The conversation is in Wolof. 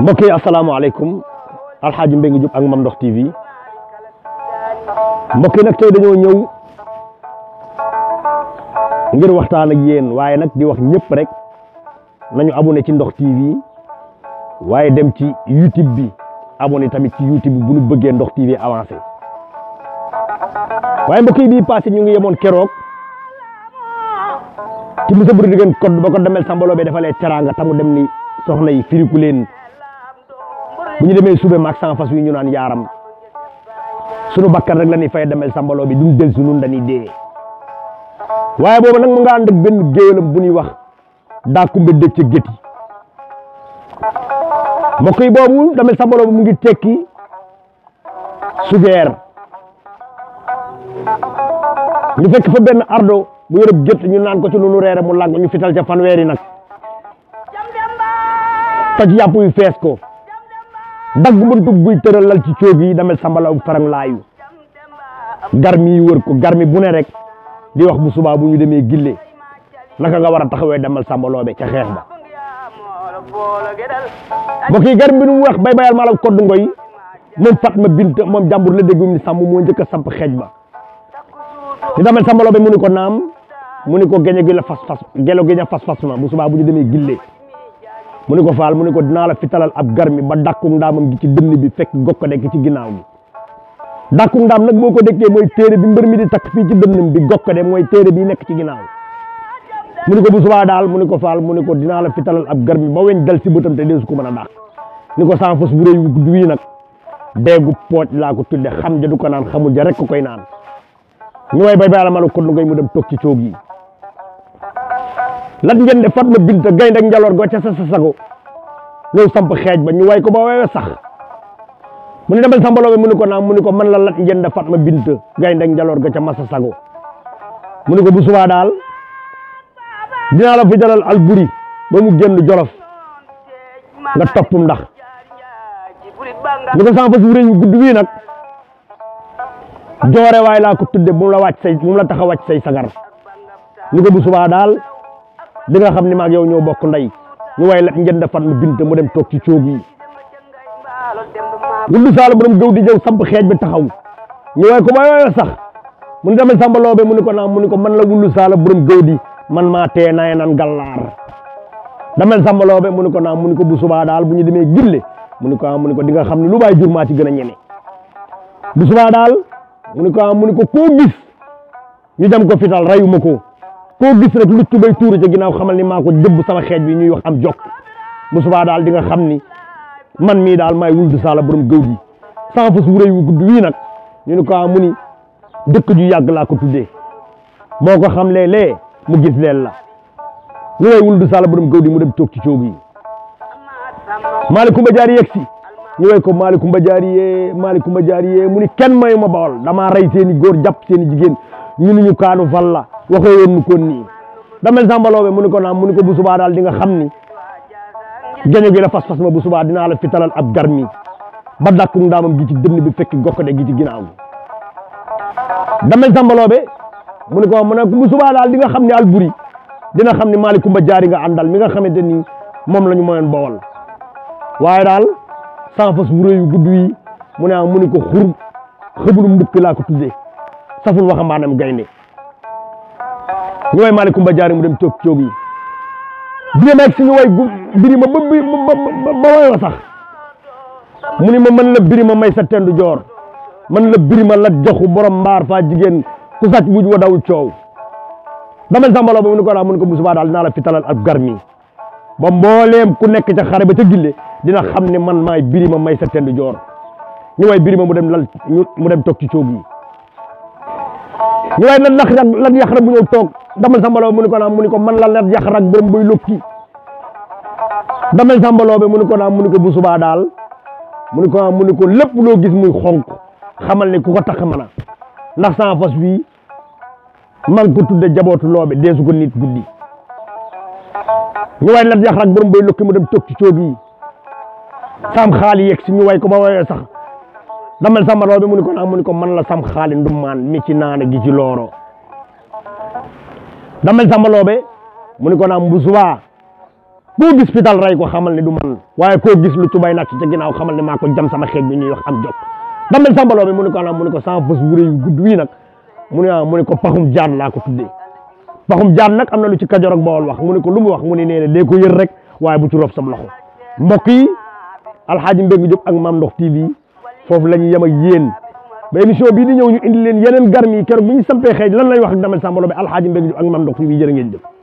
mbokk yi asalaamaaleykum alxaaji Mbengue Diop ak Mame ndox TV mbokk nak nag tey dañoo ñëw ngir waxtaan ak yéen waaye nag di wax ñëpp rek nañu abonné ci Ndokh TV waaye dem ci YouTube bi abonné tamit ci YouTube bu ñu bëggee ndox TV avancé waaye mbokk yi bii ñu ngi yemoon keroog. ci Moussa Boury Digane code ba ko demel Samba Laobé defalee teraanga tamu dem ni soxna yi firiku bu ñu demee suube maag sang fas wi ñu naan yaaram sunu bakkan rek la ñuy fay demel Samba Laobé duñ del su nun dañuy dee waaye boobu nag mu nga ànd benn géwélam bu ñuy wax daa kumbe dëcc ca gétti mbokk yi boobu demel Samba Laobé mu ngi tekki sugeer ñu fekk fa benn ardo bu yërëb jët ñu naan ko ci lu nu reere mu làgg ñu fital ca fanweeri nag toj yàpp yu fees ko dagg buntub guy tëralal ci cóob yi damel sambalaw farang yi wër ko bu ne rek di wax bu subaa bu ñu demee gille nga war a taxawee demal sambaloobe ca xeex ba mbokk mu wax bay bayal maalaw la déggum ni moo njëkk a xeej ba mu ni ko naam mu ne ko geñe gi la fas fas gelo gi la fas fas ma bu subaa bu ñu demee gillee mu ne ko faal mu ne ko dinaa la fitalal ab garmi ba dàkkum ndaamam gi ci dënn bi fekk gog ko dekk ci ginnaaw gi dàkkum ndaam nag boo ko dekkee mooy téere bi mbër mi di takk fii ci dënnam bi gog ko de mooy téere bi nekk ci ginnaaw mu ne ko daal mu ne ko faal mu ne ko la fitalal ab garmi ba weñ dal si bëtam te deesu ko mën a dàq ni ko sans fas bu rëy wii nag deegu pooj laa ko tudde xam ja du ko naan xamul ja rek ko koy naan ñu way bay baala ma la kon ngay mu dem toog ci coog yi lat ngeen de Fatma Binta gaynde ak njaloor go ca sa sa sago ñëw samp xeej ba ñu way ko ba wewe sax mu ne demal sambaloo bi mu ne ko naa mu ne ko man la lat ngeen de Fatma Binta gaynde ak njaloor go ca masa sago mu ne ko bu subaa daal dinaa la fi dalal alburi ba mu génn jolof nga toppum ndax ni ko sama fas wu rëy gudd bii nag joore waay laa ko tudde bu mu la wàcc say bu mu la wàcc say sagar ko bu subaa daal bi nga xam ni maag yow ñoo bokk ndey ñu way la njënd fan mu bint mu dem toog ci cóog wullu saala borom gëw di samp xeej bi taxaw ñu way ko ma yooyo sax mu dama sàmba loobe mu ni ko naam mu ko man la wullu saala borom gëw di man maa tee naye nan gallaar damel sàmba loobe mu ni ko naam mu ko bu subaa daal bu ñu demee gille mu ko am ah mu ko di nga xam ne lu baay jur maa ci gën a ñeme bu subaa daal mu ko am ah mu ko koo gis ñu jam ko fital koo gis rek lu tubay tuuru ca ginnaaw xamal ni maa ko sama xeej bi ñuy wax am jokk bu subaa daal di nga xam ni man mii daal maay wul du saala borom gëw gi sans fas wuréy wu wii nag ñu ne ko ah, mu ni dëkk ju yàgg laa ko tuddee moo ko xam lee mu gis leen la lu way wul du saala borom gëw mu dem toog ci coow yi Malicoumba Diarry yegg si ñu way ko Malicoumba Diarry yee yee mu ni kenn mayu ma bawol damaa rey seen i góor jàpp seen jigéen ñu ni ñu kaanu fan la waxee woon nu kon nii damel sàmbaloobe mu ni ko naam mu ni ko bu subaa daal di nga xam ni geño gi la fas fas ma bu dinaa la fitalal ab garmi ba dàkkum ndaamam gi ci dënn bi fekk gokkode gi ci ginnaaw gi damel sàmbaloobe mu ni ko mu ne bu daal di nga xam ni alburi dina xam ni maali kumba jaari nga àndal mi nga xamante ni moom la ñu moyoon bawal waaye daal sans fas wuré yu mu ne ah mu ni ko xur xëbulum mbëkk laa ko tuddee saful waxambaanam gaynde ñu way Malick Coumba mu dem toog coog yi birima ba ba way wa sax mu ni ma man la birima may sa tendu joor man la birima la joxu borom mbaar fa jigéen ku sàcc buj wa daw coow damel sàmbaloo ba mu ni ko naa mun ko bu subaa daal dinaa la fitalal ak garmi ba mbooleem ku nekk ca xare ba ca gille dina xam ne man maay birima may sa du joor ñu way birima mu dem lal mu dem toog ci coog yi ñu waaye lan lax lan yax rek bu ñëw toog damel sambalo mu ni ko naam mu ni ko man la lan yax rek borom buy lokki damel sambalo bi mu ni ko naam mu ni ko bu subaa daal mu ni ko naam mu ni ko lépp loo gis muy xonk xamal ni ku ko takk mën a ndax sans fos bi man ku tudde jabootu loobe deesu ko nit guddi ñu way lat yax rak borom bay lokki mu dem toog ci coob yi saam xaali yegg si ñu way ko ba woyee sax damel samba roo bi mu ni ko mu ni ko man la sam xaali ndummaan mi ci gi ci looro damel samba loobe mu ni ko naam bu subaa boo gis pital ray ko xamal ne du man waaye koo gis lu tubay nàcc ca ginnaaw xamal ne maa ko jam sama xeej bi ñuy wax am jog damel samba loobe mu ni ko naam mu ni ko sans bés wuré yu gudd wii nag mu ni ah ko paxum jaan laa ko tuddee paxum jaan nag am na lu ci Kajoor ak Bawol wax mu ni ko lu mu wax mu ni nee ne dee ko yër rek waaye bu ci rob sam loxo mbokk yi alxaaji ak Mame Ndokh TV foofu la ñu yem ak yéen ba émission bii di ñëw ñu indi leen yeneen garmi keroog bu ñu sampee xëy lan lay wax ak damel sambolo bi alxaaji mbégi ak mam ndok ñu bi jërë ngeen jëf